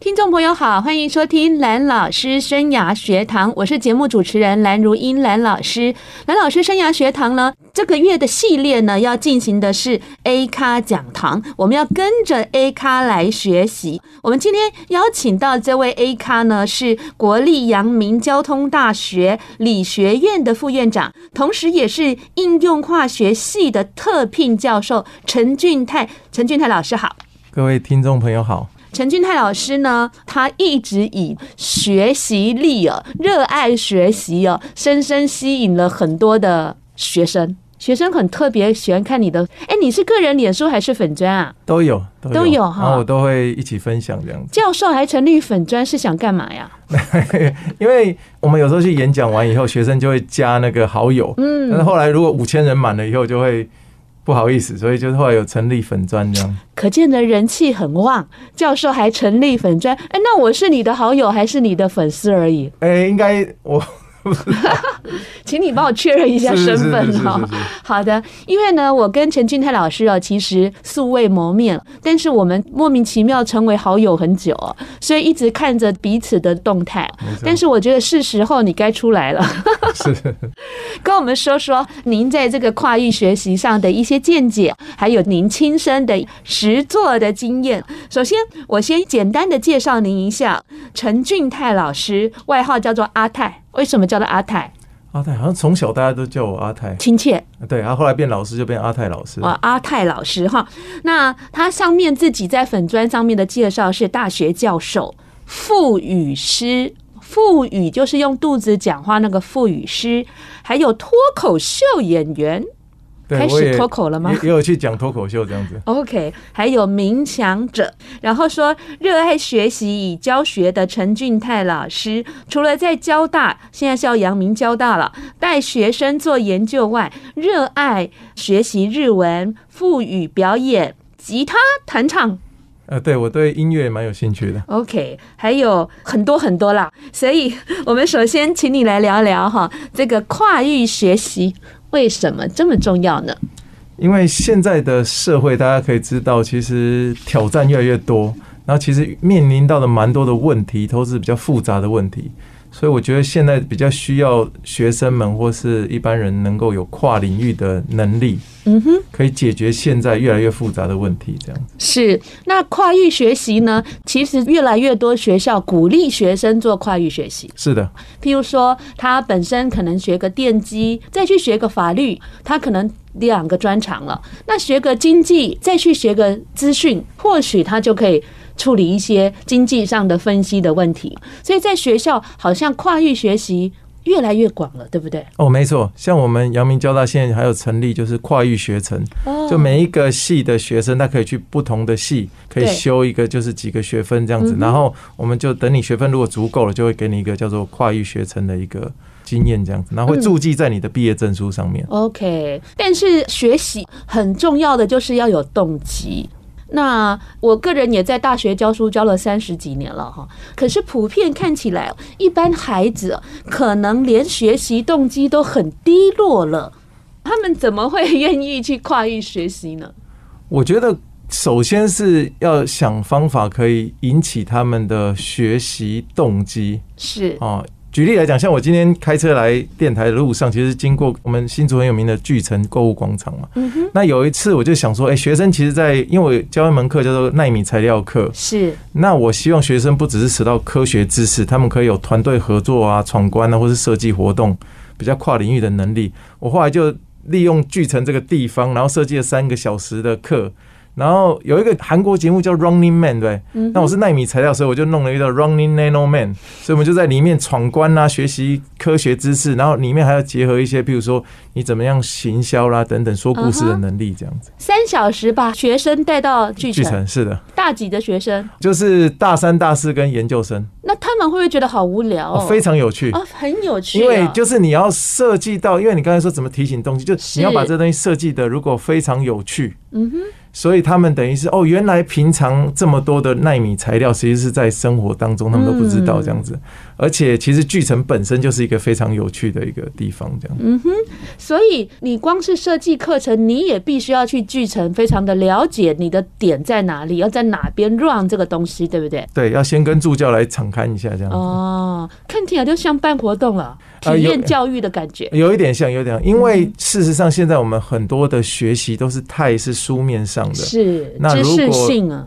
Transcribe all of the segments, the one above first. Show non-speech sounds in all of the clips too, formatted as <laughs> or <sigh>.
聽眾朋友好，歡迎收聽蘭老師生涯學堂，我是節目主持人蘭如音蘭老師，蘭老師生涯學堂呢，這個月的系列呢，要進行的是 A 咖講堂，我們要跟着 A 咖來學習。我們今天邀請到這位 A 咖呢，是國立陽明交通大學理學院的副院長，同時也是應用化學系的特聘教授陳俊太。陳俊太老師好，各位聽眾朋友好。陳俊太老師呢，他一直以學習力哦，熱愛學習哦，深深吸引了很多的學生。學生很特別喜歡看你的，哎、欸，你是個人臉書還是粉專啊？都有，都有，都有哈，然後我都會一起分享這樣子。教授還成立粉專是想幹嘛呀？ <laughs> 因為我們有時候去演講完以後，學生就會加那個好友，嗯，但是後來如果五千人滿了以後就會。不好意思，所以就後來有成立粉專這樣，可見的人氣很旺。教授還成立粉專，欸，那我是你的好友還是你的粉絲而已？哎，欸，應該我。 <laughs> <laughs> 請你幫我確認一下身份哈、哦。好的，因為呢，我跟陳俊太老師啊，其實素未謀面，但是我們莫名其妙成為好友很久，所以一直看着彼此的動態。但是我覺得是時候你該出來了，是跟我們說說您在這個跨域學習上的一些見解，還有您親身的實作的經驗。首先，我先簡單的介紹您一下，陳俊太老師，外號叫做阿太。為什麼叫他阿泰？阿泰，好像從小大家都叫我阿泰，親切。對，然後後來變老師就變阿泰老師。啊，阿泰老師哈，那他上面自己在粉專上面的介紹是大學教授、腹語師，腹語就是用肚子講話那個腹語師，還有脫口秀演員。開始脫口了嗎？也，也有去講脫口秀這樣子。OK，還有冥想者，然後說熱愛學習與教學的陳俊太老師，除了在交大，現在叫陽明交大了，帶學生做研究外，熱愛學習日文、腹語表演、吉他彈唱。呃，對我對音樂蠻有興趣的。OK，還有很多很多啦，所以我們首先請你來聊聊哈，這個跨域學習。為什麼這麼重要呢？因為現在的社會，大家可以知道，其實挑戰越來越多，然後其實面臨到的蠻多的問題，都是比較複雜的問題。所以我覺得現在比較需要學生們或是一般人能夠有跨領域的能力，嗯哼，可以解決現在越來越複雜的問題。這樣子、嗯、是，那跨域學習呢？其實越來越多學校鼓勵學生做跨域學習。是的，譬如說他本身可能學個電機，再去學個法律，他可能兩個專長了。那學個經濟，再去學個資訊，或許他就可以，處理一些經濟上的分析的問題，所以在學校好像跨域學習越來越廣了，對不對？哦，oh，沒錯，像我們陽明交大現在還有成立就是跨域學程，oh. 就每一個系的學生他可以去不同的系，可以修一個就是幾個學分這樣子，然後我們就等你學分如果足夠了，就會給你一個叫做跨域學程的一個經驗這樣子。然後會注記在你的畢業證書上面。OK，但是學習很重要的就是要有動機。那我個人也在大學教書教了三十幾年了哈，可是普遍看起來，一般孩子可能連學習動機都很低落了，他們怎麼會願意去跨域學習呢？我覺得首先是要想方法可以引起他們的學習動機，是哦。啊舉例來講，像我今天開車來電台的路上，其實經過我們新竹很有名的巨城購物廣場嘛、嗯。那有一次我就想說，哎、欸，學生其實在，在因為我教一門課叫做奈米材料課，是。那我希望學生不只是學到科學知識，他們可以有團隊合作啊、闖關啊，或是設計活動，比較跨領域的能力。我後來就利用巨城這個地方，然後設計了三個小時的課。然後有一個韓國節目叫 Running Man，對，嗯、那我是奈米材料，所以我就弄了一個 Running Nano Man，所以我們就在裡面闖關啊，學習科學知識，然後裡面還要結合一些，譬如說你怎麼樣行銷啦、啊、等等，說故事的能力這樣子。啊、三小時把學生帶到巨城，巨城是的，大幾的學生？就是大三、大四跟研究生。那他們會不會覺得好無聊、哦哦？非常有趣、啊、很有趣、哦。因為就是你要設計到，因為你剛才說怎麼提醒東西，就你要把這東西設計得如果非常有趣，嗯哼。所以他們等於是哦，原來平常這麼多的奈米材料，其實是在生活當中，他們都不知道這樣子、嗯。而且其實聚成本身就是一個非常有趣的一個地方，這樣。嗯哼，所以你光是設計課程，你也必須要去聚成非常的了解你的點在哪裡，要在哪邊 run 這個東西，對不對？對，要先跟助教來敞開一下，這樣。哦，看起來就像辦活動了，體驗教育的感覺、呃有。有一點像，有一點像。因為事實上，現在我們很多的學習都是太是書面上的，是、嗯。那如果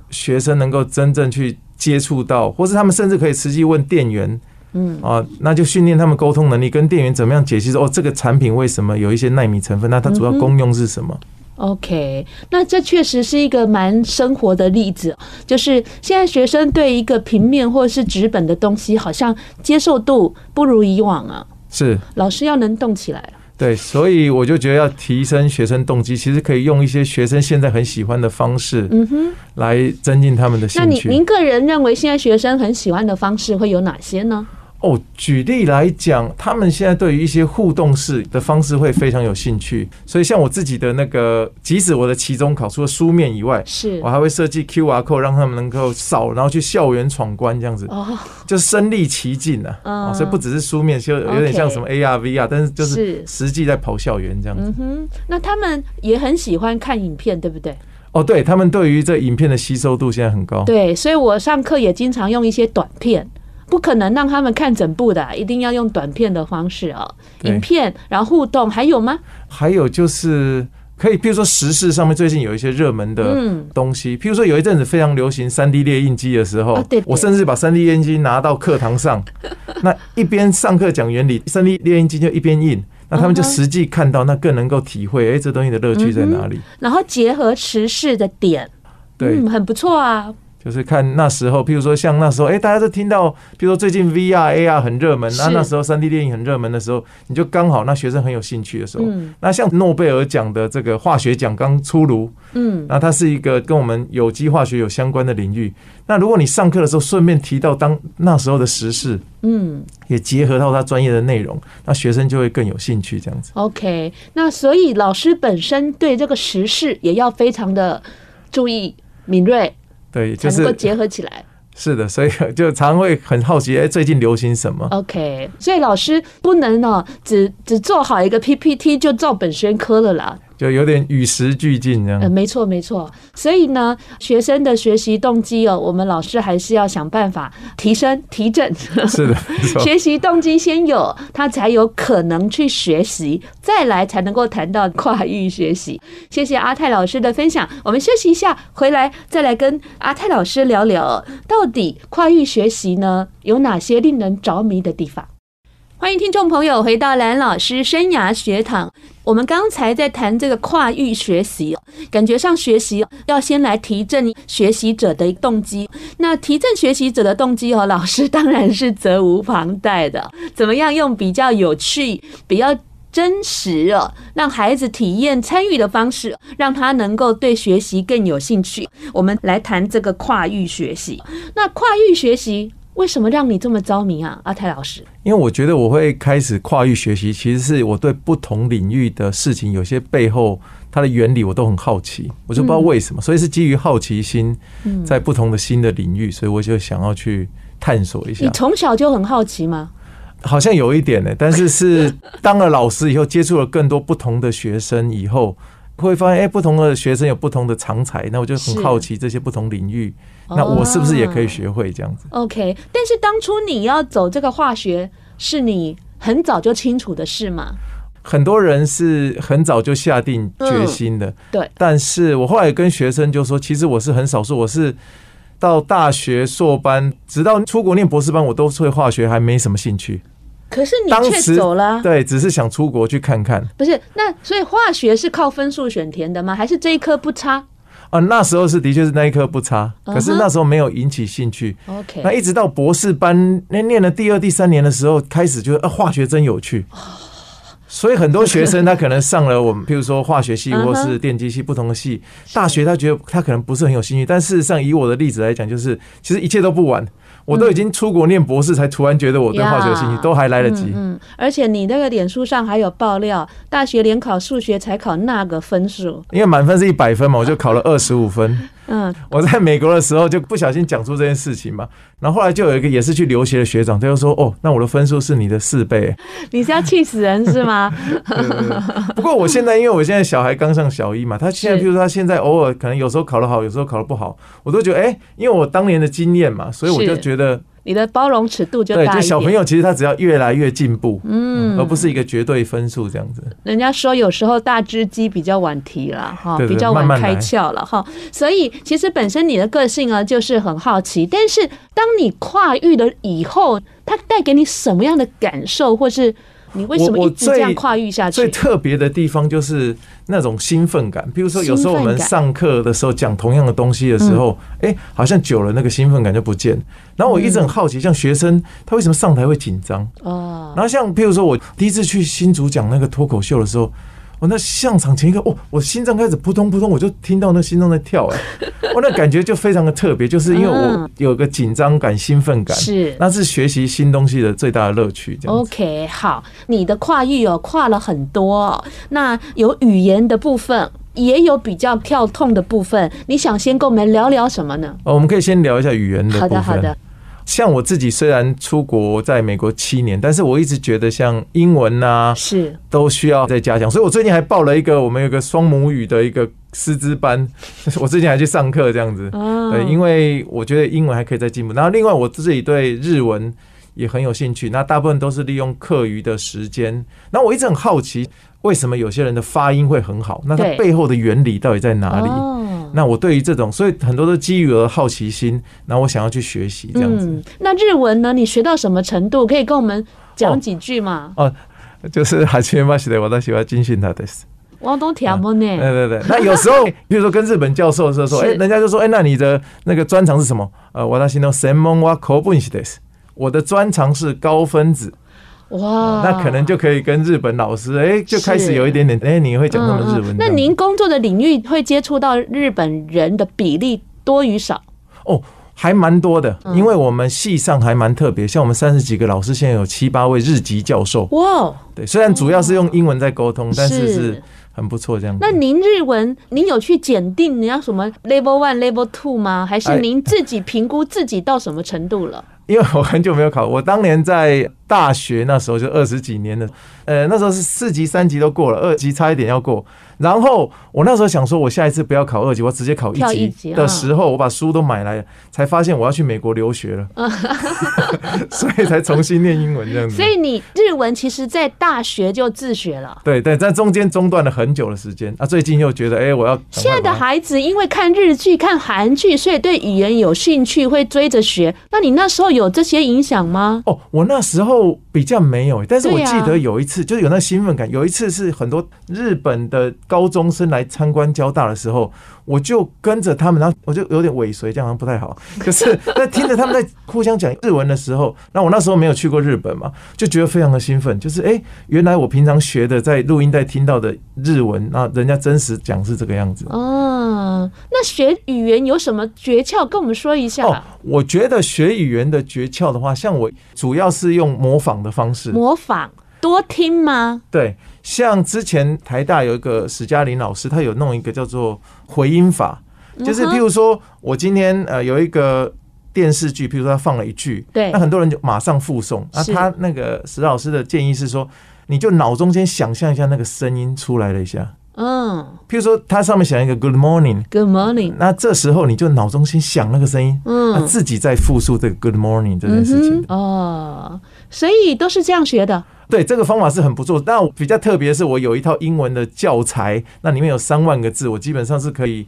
學生能夠真正去接觸到，或是他們甚至可以實際問店員。嗯啊，那就訓練他們溝通能力，跟店員怎麼樣解析說哦，這個產品為什麼有一些奈米成分、嗯？那它主要功用是什麼？OK，那這確實是一個蠻生活的例子，就是現在學生對一個平面或是紙本的東西，好像接受度不如以往啊。是，老師要能動起來。對，所以我就覺得要提升學生動機，其實可以用一些學生現在很喜歡的方式，嗯哼，來增進他們的興趣。嗯、那你您個人認為現在學生很喜歡的方式會有哪些呢？哦，舉例來講，他們現在對於一些互動式的方式會非常有興趣，所以像我自己的那個，即使我的期中考除了書面以外，是我還會設計 QR code 讓他們能夠掃，然後去校園闖關這樣子，哦，就是身歷其境啊，啊、哦哦，所以不只是書面，就有點像什麼 AR、啊、VR，、okay、但是就是實際在跑校園這樣子。嗯哼，那他們也很喜歡看影片，對不對？哦，對他們對於這影片的吸收度現在很高，對，所以我上課也經常用一些短片。不可能讓他們看整部的、啊，一定要用短片的方式哦、喔，影片，然後互動，還有嗎？還有就是可以，譬如說時事上面最近有一些熱門的東西、嗯，譬如說有一陣子非常流行三 D 列印機的時候、哦對對，我甚至把三 D 列印機拿到課堂上， <laughs> 那一邊上課講原理，三 D 列印機就一邊印， <laughs> 那他們就實際看到，那更能夠體會，哎、欸，這東西的樂趣在哪裡、嗯？然後結合時事的點，對，嗯、很不錯啊。就是看那時候，譬如說像那時候，誒、欸，大家都聽到，譬如說最近 V R A R 很熱門，那、啊、那時候三 D 電影很熱門的時候，你就剛好那學生很有興趣的時候，嗯、那像諾貝爾獎的這個化學獎剛出爐，嗯，那、啊、它是一個跟我們有機化學有相關的領域，嗯、那如果你上課的時候順便提到當那時候的時事，嗯，也結合到他專業的內容，那學生就會更有興趣這樣子。OK，那所以老師本身對這個時事也要非常的注意敏銳。對，就是能夠結合起來。是的，所以就常會很好奇，哎，最近流行什麼？OK，所以老師不能呢、喔，只只做好一個 PPT 就照本宣科了啦。就有，有點與時俱進這樣、呃。嗯，沒錯沒錯，所以呢，學生的學習動機哦、喔，我們老師還是要想辦法提升提振。 <laughs> 是的，沒錯。學習動機先有，他才有可能去學習，再來才能夠談到跨域學習。謝謝阿泰老師的分享，我們休息一下，回來再來跟阿泰老師聊聊，到底跨域學習呢有哪些令人着迷的地方？歡迎聽眾朋友回到藍老師生涯學堂。我們剛才在談這個跨域學習，感覺上學習要先來提振學習者的動機。那提振學習者的動機、哦，和老師當然是責無旁貸的。怎麼樣用比較有趣、比較真實哦，讓孩子體驗參與的方式，讓他能夠對學習更有興趣？我們來談這個跨域學習。那跨域學習。為什麼讓你這麼着迷啊，阿泰老師？因為我覺得我會開始跨域學習，其實是我對不同領域的事情，有些背後它的原理我都很好奇，我就不知道為什麼，嗯、所以是基於好奇心，在不同的新的領域、嗯，所以我就想要去探索一下。你從小就很好奇嗎？好像有一點呢、欸，但是是當了老師以後， <laughs> 接觸了更多不同的學生以後，會發現誒、欸，不同的學生有不同的長才，那我就很好奇這些不同領域。那我是不是也可以學會這樣子？Oh,OK，但是當初你要走這個化學是你很早就清楚的事嗎？很多人是很早就下定決心的。嗯、對，但是我後來跟學生就說，其實我是很少說，我是到大學碩班，直到出國念博士班，我都對化學還沒什麼興趣。可是你卻走了，當時，對，只是想出國去看看。不是，那所以化學是靠分數選填的嗎？還是這一科不差？啊，那時候是的確是那一科不差，可是那時候沒有引起興趣。Uh -huh. Okay. 那一直到博士班那念，念了第二、第三年的時候，開始就是啊，化學真有趣。所以很多學生他可能上了我們， <laughs> 譬如說化學系或是電機系、Uh -huh. 不同的系，大學他覺得他可能不是很有興趣，但事實上以我的例子來講，就是其實一切都不晚。我都已經出國念博士，才突然覺得我對化學有興趣都還來得及。嗯，而且你那個臉書上還有爆料，大學聯考數學才考那個分數，因為滿分是一百分嘛，我就考了二十五分。嗯，我在美國的時候就不小心講出這件事情嘛，然後後來就有一個也是去留學的學長，他就說：“哦，那我的分數是你的四倍。”你是要氣死人是嗎？ <laughs> 不過我現在，因為我現在小孩剛上小一嘛，他現在，譬如說他現在偶爾可能有時候考得好，有時候考得不好，我都覺得，哎，因為我當年的經驗嘛，所以我就覺得。你的包容尺度就大一點。對，就小朋友其實他只要越來越進步，嗯，而不是一個絕對分數這樣子。人家說有時候大只雞比較晚啼了哈，比較晚開竅了哈，所以其實本身你的個性呢、啊、就是很好奇，但是當你跨域了以後，它帶給你什麼樣的感受或是？你為什麼一直這樣跨越下去？最，最特別的地方就是那種興奮感。比如說，有時候我們上課的時候講同樣的東西的時候，哎，好像久了那個興奮感就不見了。然後我一直很好奇，像學生他為什麼上台會緊張？然後像比如說我第一次去新竹講那個脫口秀的時候。我那上場前一刻，哦，我心臟開始撲通撲通，我就聽到那心臟在跳哎、欸，我 <laughs> 那感覺就非常的特別，就是因為我有個緊張感、興奮感，是、嗯，那是學習新東西的最大的樂趣這樣。OK，好，你的跨域哦，跨了很多，那有語言的部分，也有比較跳痛的部分，你想先跟我們聊聊什麼呢？哦，我們可以先聊一下語言的部分。好的，好的。像我自己雖然出國在美國七年，但是我一直覺得像英文吶、啊，是都需要再加強。所以我最近還報了一個我們有個雙母語的一個師資班呵呵，我最近還去上課這樣子。嗯，因為我覺得英文還可以再進步。然後另外我自己對日文也很有興趣，那大部分都是利用課餘的時間。那我一直很好奇，為什麼有些人的發音會很好？那它背後的原理到底在哪裡？那我對於這種，所以很多都基於的機遇和好奇心，那我想要去學習這樣子、嗯。那日文呢？你學到什麼程度？可以跟我們講幾句嗎？哦，哦，就是初めまして，私は陳俊太です。我都聽不懂的、啊。對對對。那有時候，比如說跟日本教授的時候說，哎、 <laughs> 欸，人家就說，哎、欸，那你的那個專長是什麼？呃，私の専門は高分子です，我的專長是高分子。哇、哦，那可能就可以跟日本老師，哎、欸，就開始有一點點，哎、欸，你會講什麼日文嗯嗯。那您工作的領域會接觸到日本人的比例多與少？哦，還蠻多的，因為我們系上還蠻特別、嗯，像我們三十幾個老師，現在有七八位日籍教授。哇，對，雖然主要是用英文在溝通，但是是很不錯這樣。那您日文，您有去檢定你要什麼 Level One、Level Two 嗎？還是您自己評估自己到什麼程度了？ <laughs> 因為我很久沒有考，我當年在大學那時候就二十幾年了，呃，那時候是四級、三級都過了，二級差一點要過。然後我那時候想說，我下一次不要考二級，我直接考一級的時候，啊，我把書都買來了，才發現我要去美國留學了， <laughs> <laughs> 所以才重新念英文這樣子。所以你日文其實在大學就自學了，對對，在中間中斷了很久的時間啊，最近又覺得哎，欸，我要。現在的孩子因為看日劇、看韓劇，所以對語言有興趣，會追着學。那你那時候有這些影響嗎？哦，我那時候。比較沒有、欸，但是我記得有一次，啊、就是有那個興奮感。有一次是很多日本的高中生來參觀交大的時候。我就跟着他們，然後我就有點尾隨，這樣好像不太好。可是那聽着他們在互相講日文的時候，那我那時候沒有去過日本嘛，就覺得非常的興奮，就是哎、欸，原來我平常學的在錄音帶聽到的日文，那人家真實講是這個樣子。哦，那學語言有什麼訣竅？跟我們說一下。哦，我覺得學語言的訣竅的話，像我主要是用模仿的方式。模仿。多聽嗎？對，像之前台大有一個史嘉琳老師，他有弄一個叫做回音法，就是譬如說，我今天呃有一個電視劇，譬如說他放了一句，對，那很多人就馬上複誦。那他那個史老師的建議是說，是你就腦中間想象一下那個聲音出來了一下，嗯，譬如說他上面寫一個 Good morning，Good morning，, Good morning 那這時候你就腦中間想那個聲音，嗯，啊、自己在複述這個 Good morning 這件事情、嗯、哦。所以都是這樣學的。對，這個方法是很不錯。那比較特別是，我有一套英文的教材，那裡面有三萬個字，我基本上是可以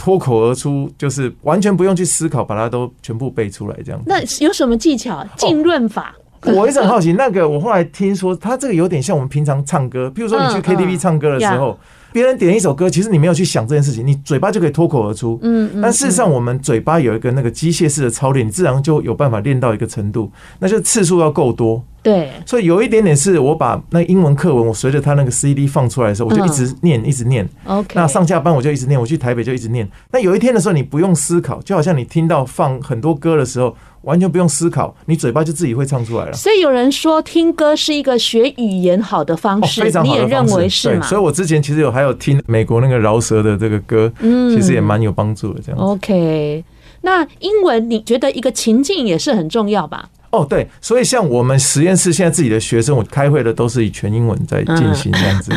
脫口而出，就是完全不用去思考，把它都全部背出來這樣。那有什麼技巧？浸潤法。哦、 <laughs> 我一直很好奇，那個我後來聽說，它這個有點像我們平常唱歌，比如說你去 KTV 唱歌的時候。別人點一首歌，其實你沒有去想這件事情，你嘴巴就可以脫口而出。嗯，但事實上我們嘴巴有一個那個機械式的操練，你自然就有辦法練到一個程度，那就次數要夠多。對，所以有一點點是我把那英文課文，我隨着他那個 CD 放出來的時候，我就一直念，嗯，一直念。OK，那上下班我就一直念，我去台北就一直念。那有一天的時候，你不用思考，就好像你聽到放很多歌的時候，完全不用思考，你嘴巴就自己會唱出來了。所以有人說聽歌是一個學語言好的方式，哦，方式，你也認為是嗎？所以，我之前其實有還有聽美國那個饒舌的這個歌，嗯，其實也蠻有幫助的這樣子。OK，那英文你覺得一個情境也是很重要吧？哦，對，所以像我們實驗室現在自己的學生，我開會的都是以全英文在進行這樣子。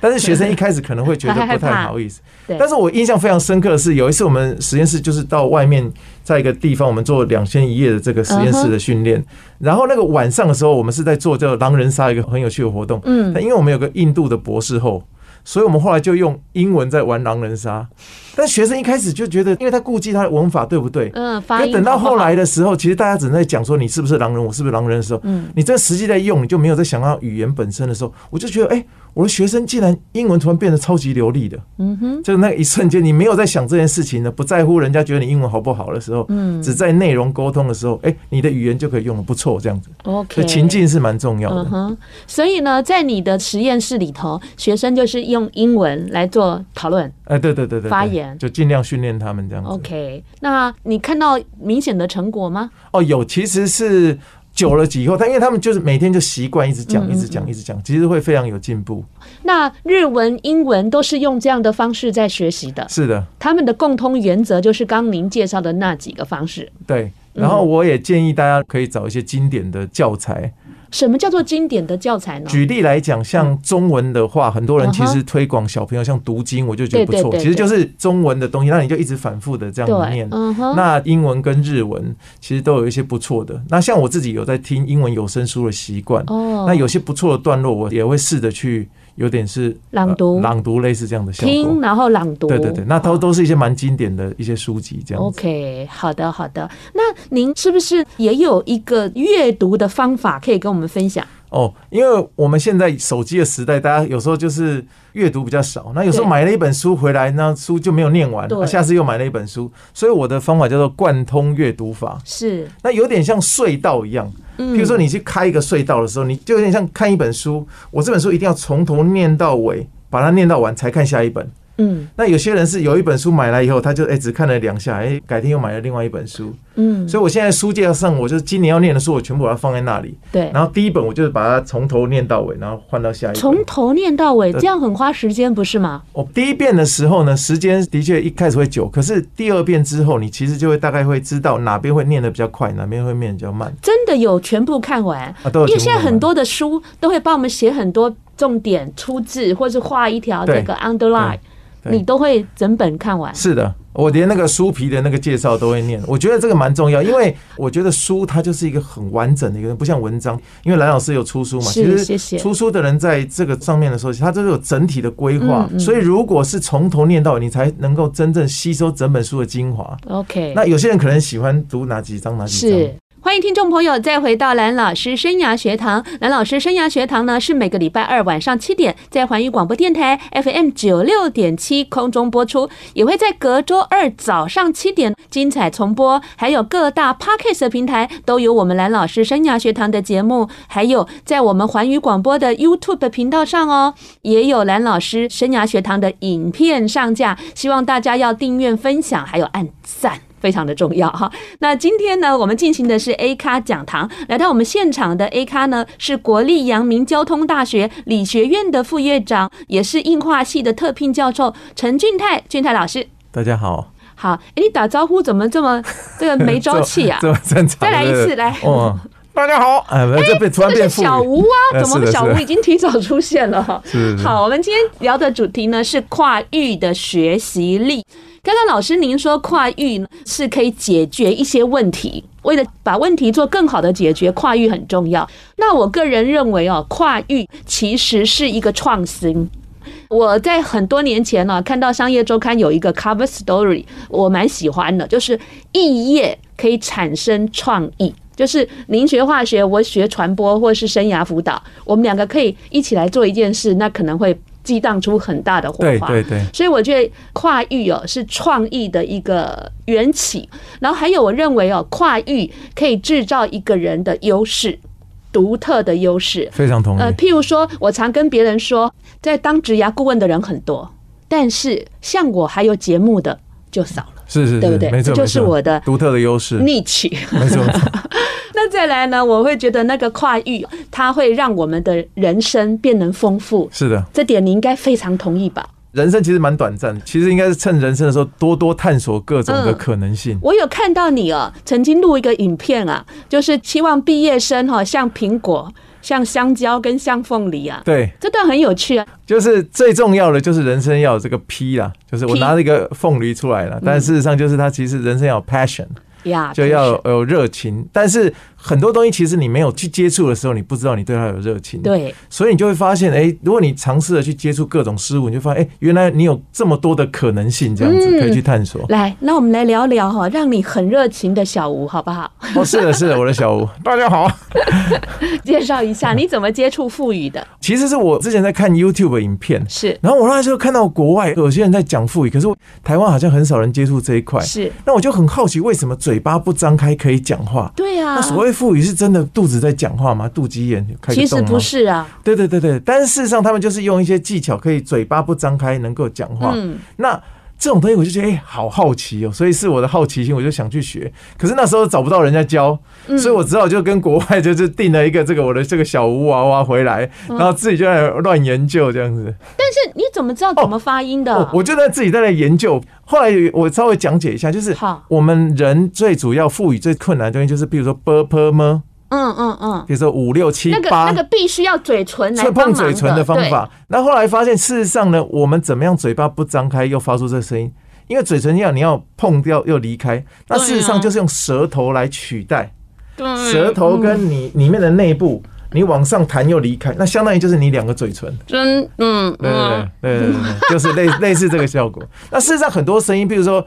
但是學生一開始可能會覺得不太好意思。但是我印象非常深刻的是，有一次我們實驗室就是到外面在一個地方，我們做兩天一夜的這個實驗室的訓練。然後那個晚上的時候，我們是在做叫狼人殺一個很有趣的活動。嗯，因為我們有個印度的博士後，所以我們後來就用英文在玩狼人殺。但學生一開始就覺得，因為他顧忌他的文法對不對？嗯，等到後來的時候，其實大家只能在講說你是不是狼人，我是不是狼人的時候，嗯，你這實際在用，你就沒有在想到語言本身的時候，我就覺得，哎，我的學生竟然英文突然變得超級流利的，嗯哼，就那一瞬間，你沒有在想這件事情呢，不在乎人家覺得你英文好不好的時候，嗯，只在內容溝通的時候，哎，你的語言就可以用得不錯，這樣子，OK，情境是蠻重要的，Okay. Uh-huh. 所以呢，在你的實驗室裡頭，學生就是用英文來做討論。哎、呃，對，對對對對，發言就盡量訓練他們這樣子。OK，那你看到明顯的成果嗎？哦，有，其實是久了以後，他、嗯、因為他們就是每天就習慣一直講、嗯嗯嗯，一直講，一直講，其實會非常有進步。那日文、英文都是用這樣的方式在學習的。是的，他們的共通原則就是剛您介紹的那幾個方式。對，然後我也建議大家可以找一些經典的教材。嗯嗯什麼叫做經典的教材呢？舉例來講，像中文的話，很多人其實推廣小朋友像讀經，我就覺得不錯。其實就是中文的東西，那你就一直反覆的這樣念。那英文跟日文其實都有一些不錯的。那像我自己有在聽英文有聲書的習慣，那有些不錯的段落，我也會試着去。有點是朗讀、呃，朗讀類似這樣的聽，然後朗讀。對對對，那都都是一些蠻經典的一些書籍這樣、嗯。OK，好的好的。那您是不是也有一個閱讀的方法可以跟我們分享？哦，因為我們現在手機的時代，大家有時候就是閱讀比較少。那有時候買了一本書回來，那書就沒有念完，啊、下次又買了一本書。所以我的方法叫做貫通閱讀法，是那有點像隧道一樣。比如說，你去開一個隧道的時候，你就有點像看一本書。我這本書一定要從頭念到尾，把它念到完才看下一本。嗯，那有些人是有一本書買來以後，他就哎、欸、只看了兩下，哎、欸、改天又買了另外一本書。嗯，所以我現在書架上，我就是今年要念的書，我全部把它放在那裡。對，然後第一本我就是把它從頭念到尾，然後換到下一本。從頭念到尾，這樣很花時間，不是嗎？我第一遍的時候呢，時間的確一開始會久，可是第二遍之後，你其實就會大概會知道哪邊會念得比較快，哪邊會念得比較慢。真的有全部看完、啊、部因為現在很多的書都會幫我們寫很多重點、粗字，或是畫一條這個 underline。你都會整本看完？是的，我連那個書皮的那個介紹都會念。我覺得這個蠻重要，因為我覺得書它就是一個很完整的一個人，不像文章。因為蘭老師有出書嘛，其實出書的人在這個上面的時候，他就是有整體的規劃。所以如果是從頭念到尾，你才能夠真正吸收整本書的精華。OK，那有些人可能喜歡讀哪幾章，哪幾章。歡迎聽眾朋友再回到藍老師生涯學堂。藍老師生涯學堂呢，是每個禮拜二晚上七點在環宇廣播電台 FM 九六點七空中播出，也會在隔週二早上七點精彩重播。還有各大 Podcast 平台都有我們藍老師生涯學堂的節目，還有在我們環宇廣播的 YouTube 頻道上哦，也有藍老師生涯學堂的影片上架。希望大家要訂閱、分享，還有按讚。非常的重要哈。那今天呢，我們進行的是 A 咖講堂。來到我們現場的 A 咖呢，是國立陽明交通大學理學院的副院長，也是應化系的特聘教授陳俊太，俊太老師。大家好。好，哎、欸，你打招呼怎麼這麼這個沒朝氣啊。 <laughs> 這麼正常。再來一次，來。哦大家好，哎、欸，變這個、是小吳啊，怎麼小吳已經提早出現了？好，我們今天聊的主題呢是跨域的學習力。剛剛老師您說跨域是可以解決一些問題，為了把問題做更好的解決，跨域很重要。那我個人認為哦、啊，跨域其實是一個創新。我在很多年前呢、啊，看到商業週刊有一個 cover story，我蠻喜歡的，就是異業可以產生創意。就是您學化學，我學傳播，或是生涯輔導，我們兩個可以一起來做一件事，那可能會激盪出很大的火花。對對對。所以我覺得跨域哦是創意的一個緣起，然後還有我認為哦跨域可以制造一個人的優勢，獨特的優勢。非常同意。呃，譬如說，我常跟別人說，在當職涯顧問的人很多，但是像我還有節目的就少了。是，是是，對不對？沒錯沒錯、就是我的、獨特的優勢 niche 沒錯。 <laughs> <laughs> 那再來呢？我會覺得那個跨域，它會讓我們的人生變得豐富。是的，這點你應該非常同意吧？人生其實蠻短暫，其實應該是趁人生的時候多多探索各種的可能性。嗯、我有看到你哦，曾經錄一個影片啊，就是希望畢業生哈、哦，像蘋果。像香蕉跟像鳳梨啊，對，這段很有趣啊。就是最重要的就是人生要有這個 P 啦，P, 就是我拿了一個鳳梨出來了，嗯，但事實上就是他其實人生要有 passion，yeah, 就要有熱情，yeah, 但是。很多東西其實你沒有去接觸的時候，你不知道你對他有熱情。對，所以你就會發現，哎、欸，如果你嘗試的去接觸各種事物，你就發現，哎、欸，原來你有這麼多的可能性，這樣子、嗯、可以去探索。來，那我們來聊聊哈，讓你很熱情的小吳，好不好？哦，是的，是的，我的小吳， <laughs> 大家好。介紹一下， <laughs> 你怎麼接觸腹語的？其實是我之前在看 YouTube 影片，是。然後我那時候看到國外有些人在講腹語，可是我台灣好像很少人接觸這一塊。是。那我就很好奇，為什麼嘴巴不張開可以講話？對啊。那所謂。腹語是真的肚子在講話嗎？肚臍眼開始動了。其實不是啊。對對對對，但事實上他們就是用一些技巧，可以嘴巴不張開能夠講話。嗯，那。這種東西我就覺得哎、欸，好好奇哦、喔，所以是我的好奇心，我就想去學。可是那時候找不到人家教、嗯，所以我只好就跟國外就是訂了一個這個我的這個小吳娃娃回來、嗯，然後自己就在亂研究這樣子。但是你怎麼知道怎麼發音的？哦哦，我就在自己在那研究。後來我稍微講解一下，就是我們人最主要腹語最困難的東西就是，比如說波潑摸嗎？嗯嗯嗯，比如說五六七八，那個必須要嘴唇來碰嘴唇的方法。那後，後來發現，事實上呢，我們怎麼樣嘴巴不張開又發出這聲音？因為嘴唇要你要碰掉又離開，那事實上就是用舌頭來取代。啊、舌頭跟你裡面的內部，你往上彈又離開、嗯，那相當於就是你兩個嘴唇。真嗯、啊，對對，對對對，就是類 <laughs> 類似這個效果。那事實上很多聲音，比如說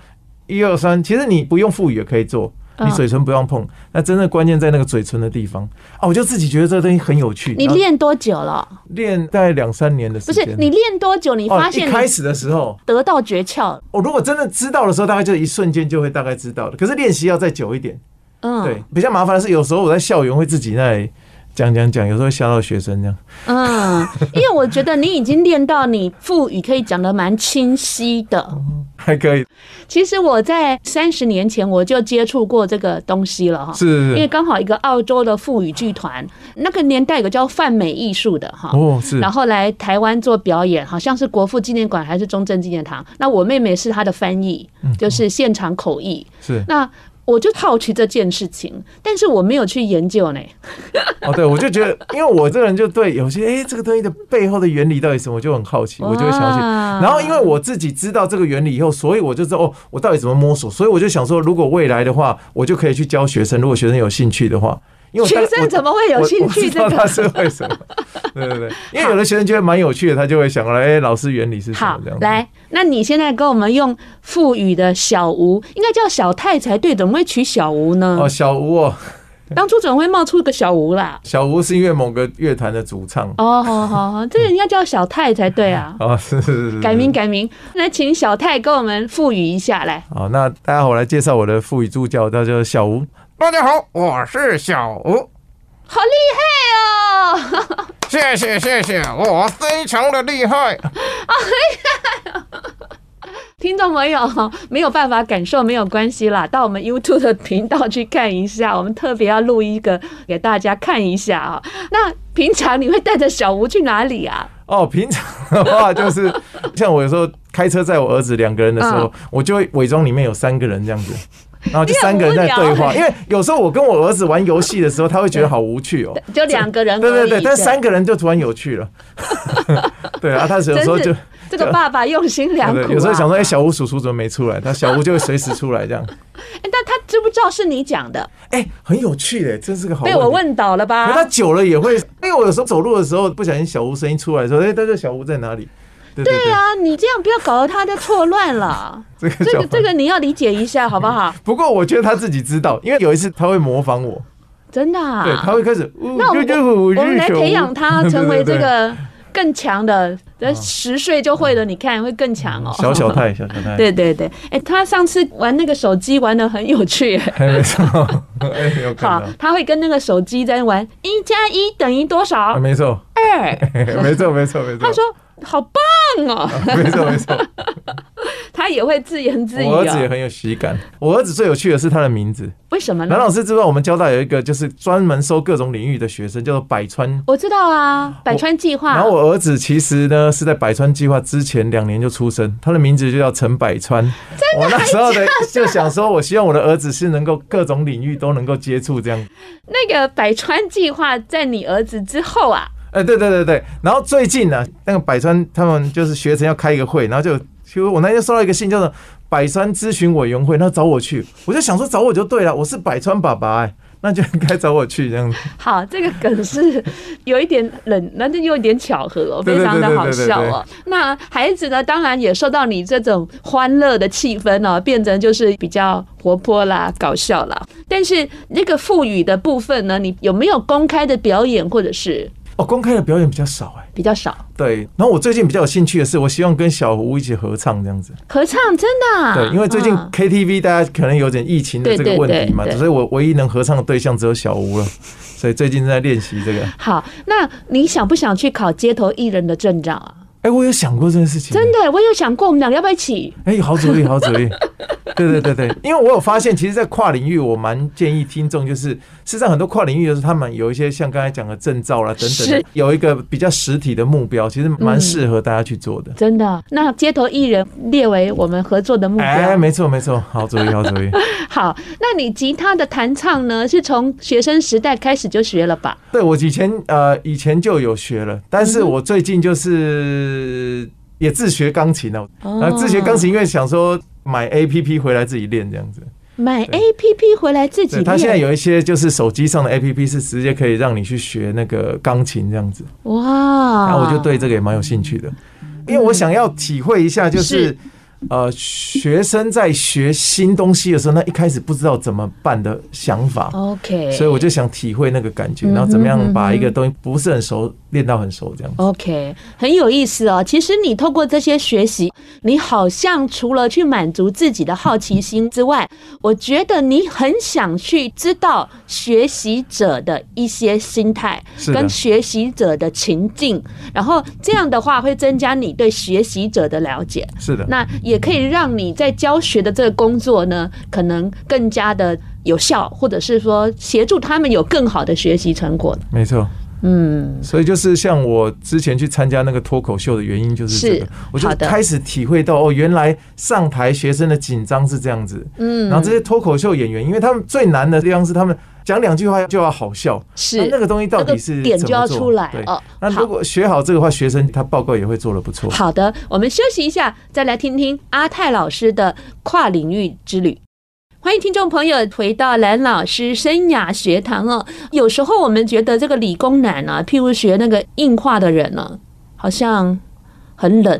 一二三，其實你不用腹語也可以做。你嘴唇不用碰，那真的關鍵在那個嘴唇的地方啊！我就自己覺得這個東西很有趣。你練多久了？練大概兩三年的時間。時不是你練多久，你發現、哦、開始的時候得到訣竅。我如果真的知道的時候，大概就一瞬間就會大概知道的。可是練習要再久一點。嗯，對，比較麻煩的是，有時候我在校園會自己在。講講講，有時候會嚇到學生這樣。嗯，因為我覺得你已經練到你腹語可以講得蠻清晰的、嗯，還可以。其實我在三十年前我就接觸過這個東西了哈。是,是,是。因為剛好一個澳洲的腹語劇團，那個年代有個叫泛美藝術的哈。哦，是。然後來台灣做表演，好像是國父紀念館還是中正紀念堂。那我妹妹是她的翻譯、嗯，就是現場口譯。是。那。我就好奇這件事情，但是我沒有去研究呢。哦，對，我就覺得，因為我這個人就對有些誒、欸、這個東西的背後的原理到底什麼，我就很好奇，我就會想起。然後，因為我自己知道這個原理以後，所以我就知道，哦，我到底怎麼摸索。所以我就想說，如果未來的話，我就可以去教學生，如果學生有興趣的話。學生怎麼會有興趣、這個？知道他是為什麼 <laughs> 對對對，因為有的學生覺得蠻有趣的，他就會想來、欸。老師，原理是什麼這？這樣來，那你現在跟我們用腹語的小吳，應該叫小泰才對，怎麼會取小吳呢？哦，小吳哦，當初怎麼會冒出一個小吳啦？小吳是因為某個樂團的主唱。哦，好好好，這應該叫小泰才對啊。 <laughs> 哦，是是是是。改名改名，那請小泰跟我們腹語一下來。好，那大家好，我來介紹我的腹語助教，他叫小吳。大家好，我是小吳，好厲害哦！ <laughs> 謝謝謝謝，我非常的厲害。哎呀，聽懂沒有，沒有辦法感受沒有關係啦，到我們 YouTube 的頻道去看一下，我們特別要錄一個給大家看一下啊、喔。那平常你會帶着小吳去哪裡啊？哦，平常的話就是 <laughs> 像我有時候開車載我兒子兩個人的時候，嗯、我就會偽裝裡面有三個人這樣子。然後就三個人在對話、欸，因為有時候我跟我兒子玩遊戲的時候，他會覺得好無趣哦、喔。就兩個人，對對對，但是三個人就突然有趣了。 <laughs> <laughs> 對啊，他有時候就，就這個爸爸用心良苦、啊。有時候想說，哎、欸，小吳叔叔怎麼沒出來？他小吳就會隨時出來這樣 <laughs> 欸。但他知不知道是你講的？哎、欸，很有趣哎、欸，真是個好問題，被我問倒了吧？因為他久了也會，因為我有時候走路的時候不小心，小吳聲音出來說，哎、欸，他說小吳在哪裡？對，對，對，對啊，你這樣不要搞得他的錯亂了 <laughs> 這。這個這個你要理解一下，好不好？ <laughs> 不過我覺得他自己知道，因為有一次他會模仿我，真的。啊，對，他會開始。那我們、呃呃呃呃呃呃、我們來培養他成為這個更強的，對對對，十歲就會的，你看會更強哦、喔。嗯。小小太，小小太。對對對，哎、欸，他上次玩那個手機玩得很有趣、欸欸。沒錯，哎、欸，有可能他會跟那個手機在玩一加一等於多少？沒錯，二、欸。沒錯 <laughs> 沒錯沒錯，他說。好棒哦、喔啊！沒錯沒錯， <laughs> 他也會自言自語、喔。我兒子也很有喜感。我兒子最有趣的是他的名字，為什麼呢？南老師知道我們交大有一個就是專門收各種領域的學生，叫做百川。我知道啊，百川計劃。然後我兒子其實呢是在百川計劃之前兩年就出生，他的名字就叫陳百川，真的真的。我那時候的就想說，我希望我的兒子是能夠各種領域都能夠接觸這樣。那個百川計劃在你兒子之後啊。哎，對對對對，然後最近呢、啊，那個百川他們就是學生要開一個會，然後就，就我那天收到一個信，叫做“百川諮詢委員會”，那找我去，我就想說找我就對了，我是百川爸爸、欸，哎，那就應該找我去這樣子。好，這個梗是有一點冷， <laughs> 那就有一點巧合、哦，非常的好笑哦。對對對對對對對。那孩子呢，當然也受到你這種歡樂的氣氛哦，變成就是比較活潑啦、搞笑啦。但是那個腹語的部分呢，你有沒有公開的表演或者是？哦，公開的表演比較少哎、欸，比較少。對，然後我最近比較有興趣的是，我希望跟小吳一起合唱這樣子。合唱真的、啊？對，因為最近 KTV 大家可能有點疫情的這個問題嘛，嗯、所以我唯一能合唱的對象只有小吳了， <laughs> 所以最近正在練習這個。好，那你想不想去考街頭藝人的證照啊？哎、欸，我有想過這件事情。真的，我有想過我們兩個要不要一起？哎、欸，好主意，好主意。 <laughs> 對對對對，因為我有發現，其實，在跨領域，我蠻建議聽眾，就是實際上很多跨領域，就是他們有一些像剛才講的證照啊等等，有一個比較實體的目標，其實蠻適合大家去做的、嗯。真的，那街頭藝人列為我們合作的目標。哎，沒錯沒錯，好主意好主意。 <laughs> 好，那你吉他的彈唱呢？是從學生時代開始就學了吧？對，我以前呃以前就有學了，但是我最近就是。也自學鋼琴呢、啊，然後自學鋼琴，因為想說買 APP 回來自己練這樣子。買 APP 回來自己練。他現在有一些就是手機上的 APP 是直接可以讓你去學那個鋼琴這樣子。哇！然後我就對這個也蠻有興趣的，因為我想要體會一下，就是呃學生在學新東西的時候，那一開始不知道怎麼辦的想法。OK。所以我就想體會那個感覺，然後怎麼樣把一個東西不是很熟。練到很熟這樣子，OK，很有意思哦。其實你透過這些學習，你好像除了去滿足自己的好奇心之外， <laughs> 我覺得你很想去知道學習者的一些心態，跟學習者的情境，然後這樣的話會增加你對學習者的了解。是的，那也可以讓你在教學的這個工作呢，可能更加的有效，或者是說協助他們有更好的學習成果。沒錯。嗯，所以就是像我之前去參加那個脫口秀的原因，就是這個是，我就開始體會到哦，原來上台學生的緊張是這樣子。嗯，然後這些脫口秀演員，因為他們最難的地方是他們講兩句話就要好笑，是那，那個東西到底是怎麼做、那個、點就要出來。對，哦、那如果學好這個話，學生他報告也會做得不錯。好的，我們休息一下，再來聽聽阿泰老師的跨領域之旅。歡迎聽眾朋友回到藍老師生涯學堂哦。有時候我們覺得這個理工男呢、啊，譬如學那個應化的人呢、啊，好像很冷，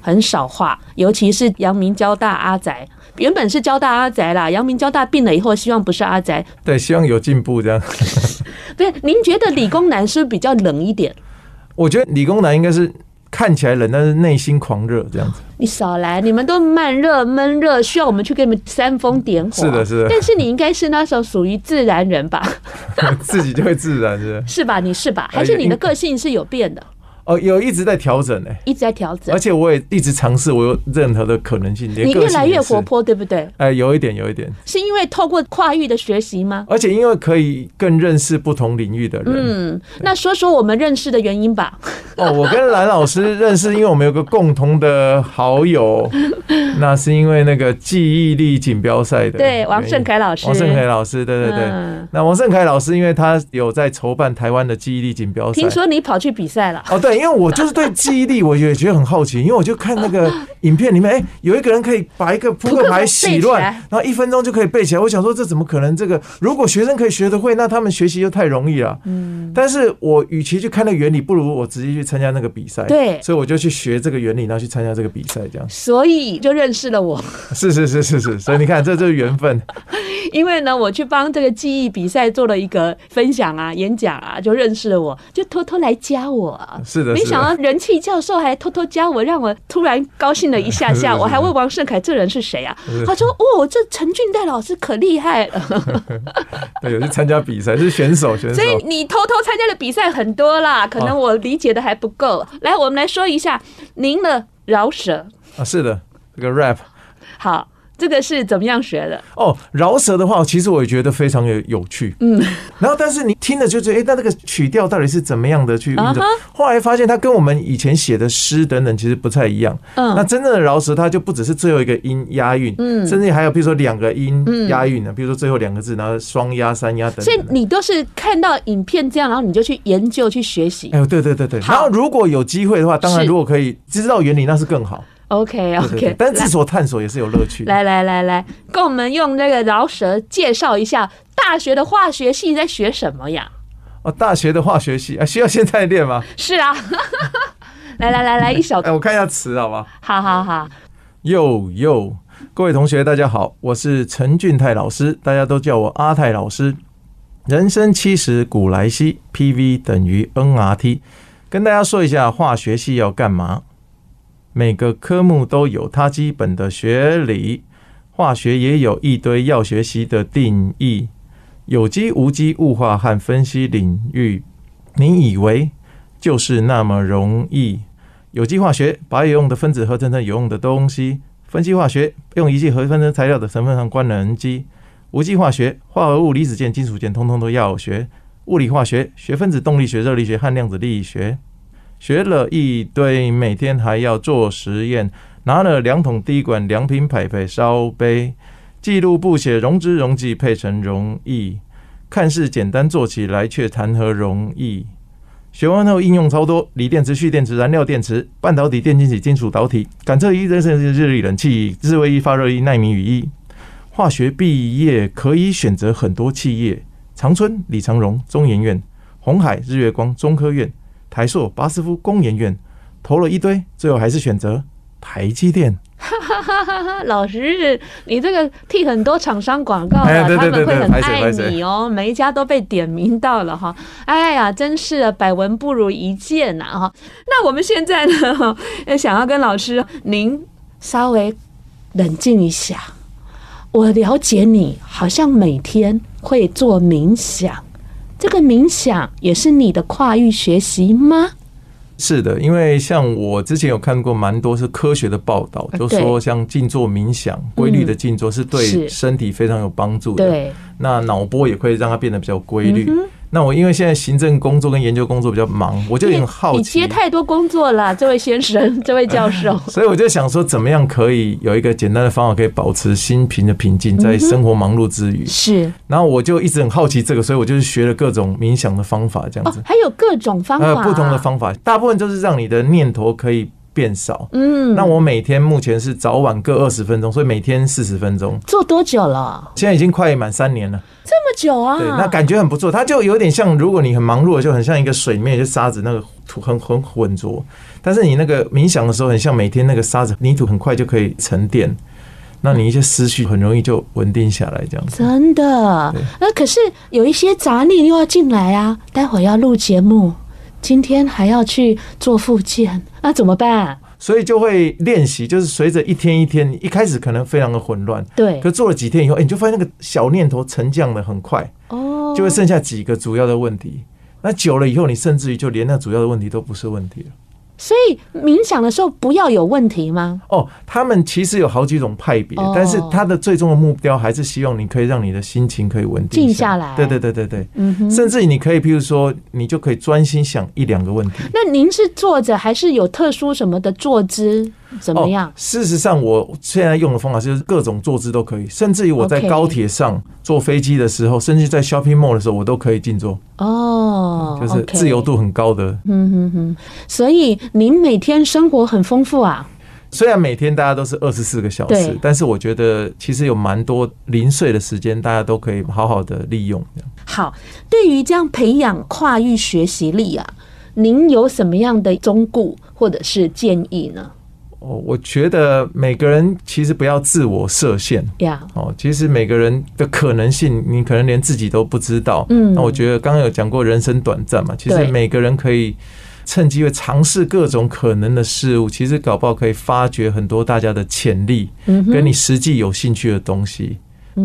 很少話。尤其是陽明交大阿宅，原本是交大阿宅啦，陽明交大併了以後，希望不是阿宅，對，希望有進步這樣 <laughs> 。不是您覺得理工男是,不是比較冷一點？我覺得理工男應該是。看起來冷，但是內心狂熱，這樣子、哦。你少來，你們都慢熱、悶熱，需要我們去給你們煽風點火。是的，是的。但是你應該是那時候屬於自然人吧？ <laughs> 自己就會自然，是的。是吧？你是吧？還是你的個性是有變的？哎哦，有一直在調整呢、欸，一直在調整，而且我也一直嘗試我有任何的可能性。你越來越活潑，對不對？哎、欸，有一點，有一點，是因為透過跨域的學習嗎？而且因為可以更認識不同領域的人。嗯，那說說我們認識的原因吧。哦，我跟藍老師認識，因為我們有個共同的好友， <laughs> 那是因為那個記憶力錦標賽的。對，王勝凱老師。王勝凱老師，對對對、嗯，那王勝凱老師，因為他有在籌辦台灣的記憶力錦標賽，聽說你跑去比賽了？哦，對。因為我就是對記憶力，我也覺得很好奇。因為我就看那個影片裡面，哎，有一個人可以把一個撲克牌洗亂，然後一分鐘就可以背起來。我想說，這怎麼可能？這個如果學生可以學得會，那他們學習就太容易了。嗯。但是我與其去看那原理，不如我直接去參加那個比賽。對。所以我就去學這個原理，然後去參加這個比賽，這樣。所以就認識了我。是是是是是，所以你看，這就是緣分 <laughs> 。因為呢，我去幫這個記憶比賽做了一個分享啊、演講啊，就認識了，我就偷偷來加我。是。沒想到人氣教授還偷偷加我，讓我突然高興了一下下。我還問王勝凱這人是誰啊？他說：“哦，這陳俊太老師可厲害了。” <laughs> 對，有去參加比賽，是選手選手。所以你偷偷參加的比賽很多啦，可能我理解的還不夠。哦、來，我們來說一下您的饒舌啊，是的，這個 rap 好。這個是怎麼樣學的？哦，饒舌的話，其實我也覺得非常有有趣。嗯，然後但是你聽了就覺得，哎、欸，那那個曲調到底是怎麼樣的去運用、uh -huh？後來發現它跟我們以前寫的詩等等其實不太一樣。嗯、uh,，那真正的饒舌它就不只是最後一個音押韻，嗯，甚至還有比如說兩個音押韻的，比、嗯、如說最後兩個字然後雙押、三押等等。所以你都是看到影片這樣，然後你就去研究去學習。哎呦，對對對對，然後如果有機會的話，當然如果可以知道原理那是更好。OK，OK，okay, okay, 但自我探索也是有樂趣的。來來來來，跟我們用那個饒舌介紹一下大學的化學系在學什麼呀？哦，大學的化學系啊，需要現在練嗎？是啊。呵呵來來來來，一小，哎，我看一下詞，好吧？好好好。Yo yo，各位同學大家好，我是陳俊太老師，大家都叫我阿太老師。人生七十古來稀，PV 等於 nRT，跟大家說一下化學系要幹嘛。每個科目都有它基本的學理，化學也有一堆要學習的定義，有機、無機、物化和分析領域，你以為就是那麼容易？有機化學把有用的分子合成成有用的東西，分析化學用儀器合分成材料的成分和官能基，無機化學化合物、離子鍵、金屬鍵通通都要學，物理化學學分子動力學、熱力學和量子力學。學了一堆，每天還要做實驗，拿了量筒、滴管、量瓶、燒杯、記錄簿寫溶質溶劑配成溶液。看似簡單，做起來卻談何容易。學完後應用超多，鋰電池、蓄電池、燃料電池、半導體、電晶體、金屬導體、感測儀、日力冷氣、日晷儀、發熱衣、奈米雨衣。化學畢業可以選擇很多企業，長春、李長榮、中研院、鴻海、日月光、中科院。台塑、巴斯夫、工研院投了一堆，最後還是選擇台積電哈哈哈哈。老師，你這個替很多廠商廣告了。哎，他們會很愛你哦。每一家都被點名到了哈。哎呀，真是，啊，百聞不如一見吶，啊，哈。那我們現在呢，想要跟老師您稍微冷靜一下。我了解你，好像每天會做冥想，這個冥想也是你的跨域學習嗎？是的，因為像我之前有看過蠻多是科學的報道，都、就是、說像靜坐冥想、規、嗯、律的靜坐是對身體非常有幫助的。對，那腦波也會讓它變得比較規律。那我因為現在行政工作跟研究工作比較忙，我就很好奇。你接太多工作啦，這位先生，這位教授。所以我就想說，怎麼樣可以有一個簡單的方法，可以保持心平的平靜，在生活忙碌之餘。是。然後我就一直很好奇這個，所以我就是學了各種冥想的方法，這樣子。還有各種方法。不同的方法，大部分就是讓你的念頭可以。變少，嗯，那我每天目前是早晚各二十分鐘，所以每天四十分鐘。做多久了？現在已經快滿三年了。這麼久啊？對，那感覺很不錯。它就有點像，如果你很忙碌，就很像一個水面，就沙子那個土很很渾濁。但是你那個冥想的時候，很像每天那個沙子泥土很快就可以沉澱，那你一些思緒很容易就穩定下來，這樣子。真的？那可是有一些雜念又要進來啊，待會兒要錄節目，今天還要去做復健，那怎麼辦、啊？所以就會練習，就是隨着一天一天，你一開始可能非常的混亂，對。可做了幾天以後，哎、欸，你就發現那個小念頭沉降的很快，哦、oh，就會剩下幾個主要的問題。那久了以後，你甚至於就連那主要的問題都不是問題了。所以冥想的時候不要有問題嗎？哦，他們其實有好幾種派別、哦，但是他的最終的目標還是希望你可以讓你的心情可以穩定下，靜下來。對對對對對、嗯，甚至你可以，譬如說，你就可以專心想一兩個問題。那您是坐着還是有特殊什麼的坐姿？怎麼樣？哦、事實上，我現在用的方法就是各種坐姿都可以，甚至於我在高鐵上，坐飛機的時候，okay. 甚至在 shopping mall 的時候，我都可以靜坐。哦、oh, okay. 嗯，就是自由度很高的。嗯嗯嗯。所以您每天生活很豐富啊。雖然每天大家都是二十四個小時，但是我覺得其實有蠻多零碎的時間，大家都可以好好的利用。好，對於這樣培養跨域學習力啊，您有什麼樣的忠告或者是建議呢？我覺得每個人其實不要自我設限，哦，其實每個人的可能性，你可能連自己都不知道。嗯，那我覺得剛剛有講過人生短暫嘛，其實每個人可以趁機會嘗試各種可能的事物，其實搞不好可以發掘很多大家的潛力，跟你實際有興趣的東西。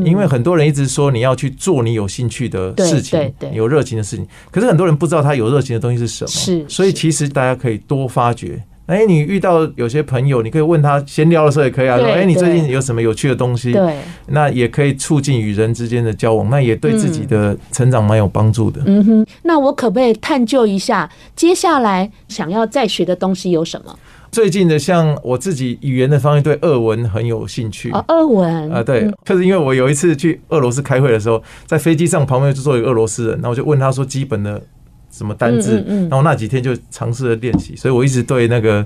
因為很多人一直說你要去做你有興趣的事情，有熱情的事情，可是很多人不知道他有熱情的東西是什麼，是，所以其實大家可以多發掘。哎、欸，你遇到有些朋友，你可以問他閒聊的時候也可以啊。說哎、欸，你最近有什麼有趣的東西？對，那也可以促進與人之間的交往，那也對自己的成長蠻有幫助的。嗯哼，那我可不可以探究一下，接下來想要再學的東西有什麼？最近的像我自己語言的方面，對俄文很有興趣啊。俄文啊，對，就是因為我有一次去俄羅斯開會的時候，在飛機上旁邊就坐一個俄羅斯人，那我就問他說，基本的。什麼單字？然後那幾天就嘗試了練習，所以我一直對那個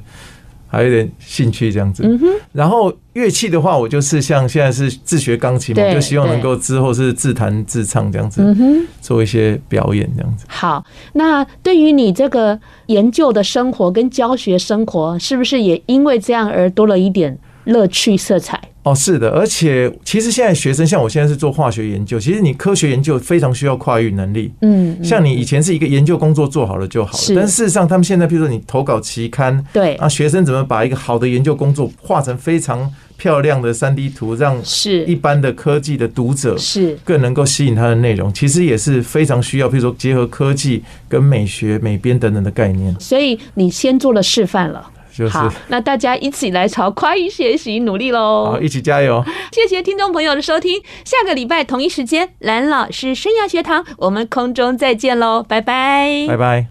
還有點興趣這樣子。嗯，然後樂器的話，我就是像現在是自學鋼琴嘛，就希望能夠之後是自彈自唱這樣子，嗯，做一些表演這樣子。好，那對於你這個研究的生活跟教學生活，是不是也因為這樣而多了一點？樂趣色彩哦，是的，而且其實現在學生像我現在是做化學研究，其實你科學研究非常需要跨域能力。嗯，像你以前是一個研究工作做好了就好了，但事實上他們現在，比如說你投稿期刊，對，那學生怎麼把一個好的研究工作畫成非常漂亮的三 D 圖，讓是一般的科技的讀者是更能夠吸引他的內容，其實也是非常需要，比如說結合科技跟美學、美編等等的概念。所以你先做了示範了。就是、好，那大家一起來朝跨域學習努力嘍！好，一起加油！謝謝聽眾朋友的收聽，下個禮拜同一時間，藍老師生涯學堂，我們空中再見嘍，拜拜，拜拜。